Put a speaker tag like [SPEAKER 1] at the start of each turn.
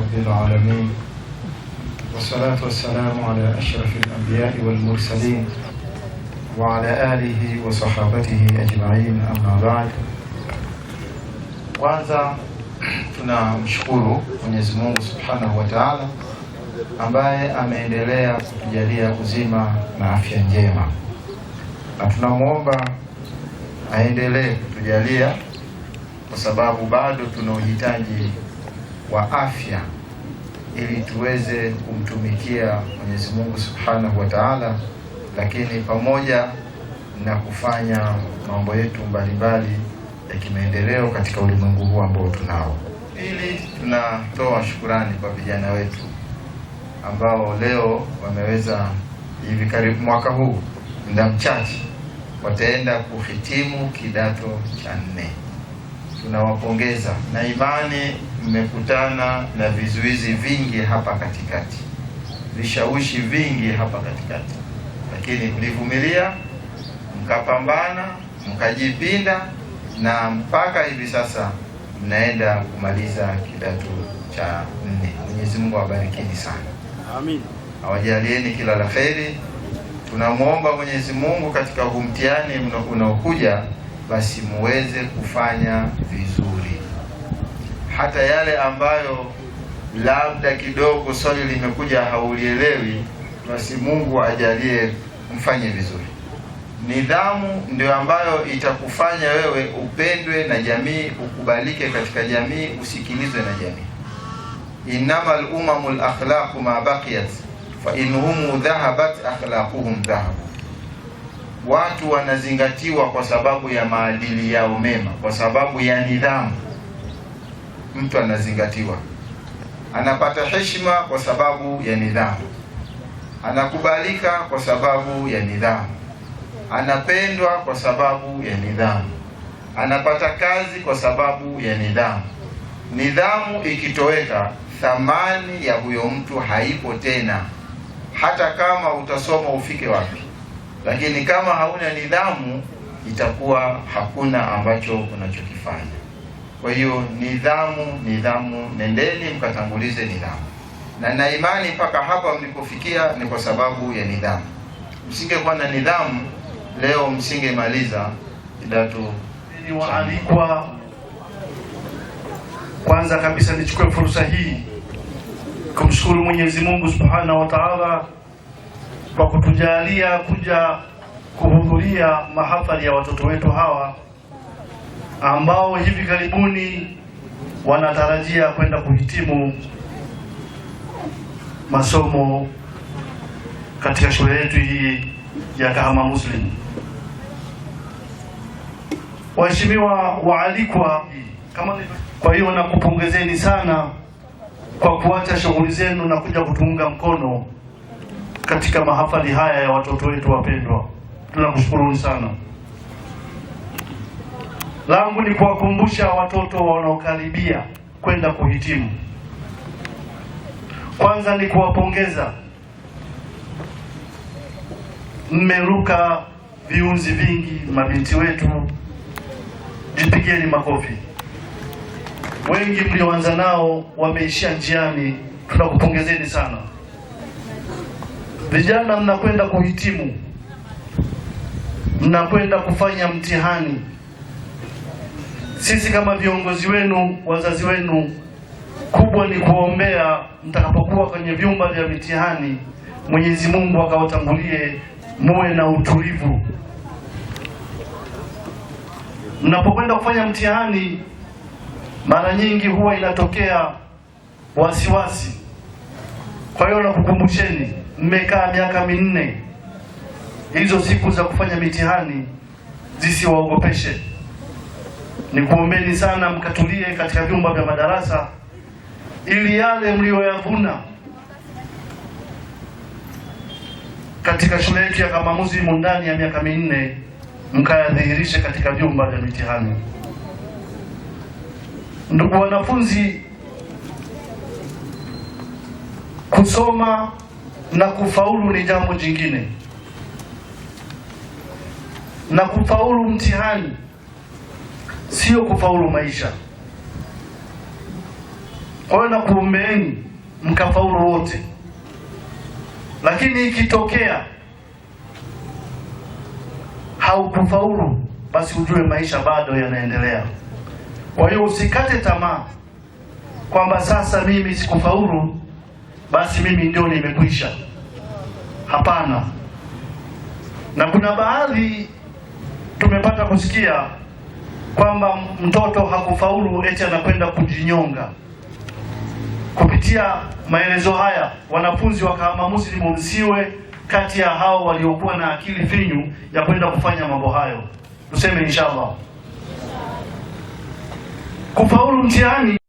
[SPEAKER 1] رب العالمين والصلاة والسلام على أشرف الأنبياء والمرسلين وعلى آله وصحابته أجمعين أما بعد kwanza tunamshukuru Mwenyezi Mungu Subhanahu wa Ta'ala ambaye ameendelea kutujalia uzima na afya njema, na tunamwomba aendelee kutujalia kwa sababu bado tuna uhitaji wa afya ili tuweze kumtumikia Mwenyezi Mungu Subhanahu wa Ta'ala, lakini pamoja na kufanya mambo yetu mbalimbali ya kimaendeleo katika ulimwengu huu ambao tunao. Pili, tunatoa shukurani kwa vijana wetu ambao leo wameweza hivi karibu mwaka huu muda mchache wataenda kuhitimu kidato cha nne tunawapongeza na imani, mmekutana na vizuizi vingi hapa katikati, vishawishi vingi hapa katikati, lakini mlivumilia, mkapambana, mkajipinda na mpaka hivi sasa mnaenda kumaliza kidato cha nne. Mwenyezi Mungu awabarikini sana, amin, awajalieni kila la heri Tunamwomba Mwenyezi Mungu katika huu mtihani unaokuja basi muweze kufanya vizuri, hata yale ambayo labda kidogo swali limekuja haulielewi, basi Mungu ajalie mfanye vizuri. Nidhamu ndio ambayo itakufanya wewe upendwe na jamii, ukubalike katika jamii, usikilizwe na jamii. innamal umamul akhlaqu ma baqiyat fa inhum dhahabat akhlaquhum dhahabu watu wanazingatiwa kwa sababu ya maadili yao mema, kwa sababu ya nidhamu. Mtu anazingatiwa, anapata heshima kwa sababu ya nidhamu, anakubalika kwa sababu ya nidhamu, anapendwa kwa sababu ya nidhamu, anapata kazi kwa sababu ya nidhamu. Nidhamu ikitoweka, thamani ya huyo mtu haipo tena, hata kama utasoma ufike wapi lakini kama hauna nidhamu itakuwa hakuna ambacho unachokifanya. Kwa hiyo nidhamu, nidhamu, nendeni mkatangulize nidhamu, na na imani mpaka hapa mlipofikia ni kwa sababu ya nidhamu. Msingekuwa na nidhamu, leo msingemaliza kidato. Waalikwa, kwanza kabisa nichukue fursa hii kumshukuru Mwenyezi Mungu Subhanahu wa Ta'ala kwa kutujalia kuja kuhudhuria mahafali ya watoto wetu hawa ambao hivi karibuni wanatarajia kwenda kuhitimu masomo katika shule yetu hii ya Kahama Muslim. Waheshimiwa waalikwa, kama kwa hiyo nakupongezeni sana kwa kuacha shughuli zenu na kuja kutuunga mkono katika mahafali haya ya watoto wetu wapendwa. Tunamshukuru sana. Langu ni kuwakumbusha watoto wanaokaribia kwenda kuhitimu. Kwanza ni kuwapongeza, mmeruka viunzi vingi, mabinti wetu, jipigeni makofi. Wengi mlioanza nao wameishia njiani, tunakupongezeni sana. Vijana mnakwenda kuhitimu, mnakwenda kufanya mtihani. Sisi kama viongozi wenu, wazazi wenu, kubwa ni kuombea mtakapokuwa kwenye vyumba vya mitihani, Mwenyezi Mungu akawatangulie, muwe na utulivu. Mnapokwenda kufanya mtihani, mara nyingi huwa inatokea wasiwasi kwa hiyo nakukumbusheni, mmekaa miaka minne, hizo siku za kufanya mitihani zisiwaogopeshe. Nikuombeni sana mkatulie katika vyumba vya madarasa ili yale mliyoyavuna katika shule yetu ya Kamamuzi mundani ya miaka minne mkayadhihirishe katika vyumba vya mitihani. Ndugu wanafunzi, Kusoma na kufaulu ni jambo jingine, na kufaulu mtihani sio kufaulu maisha. Kwa hiyo nakuombeeni mkafaulu wote, lakini ikitokea haukufaulu, basi ujue maisha bado yanaendelea. Kwa hiyo usikate tamaa kwamba sasa mimi sikufaulu basi mimi ndio nimekwisha. Hapana. Na kuna baadhi tumepata kusikia kwamba mtoto hakufaulu eti anakwenda kujinyonga. Kupitia maelezo haya, wanafunzi wakahamasishwa msiwe kati ya hao waliokuwa na akili finyu ya kwenda kufanya mambo hayo. Tuseme inshallah kufaulu mtihani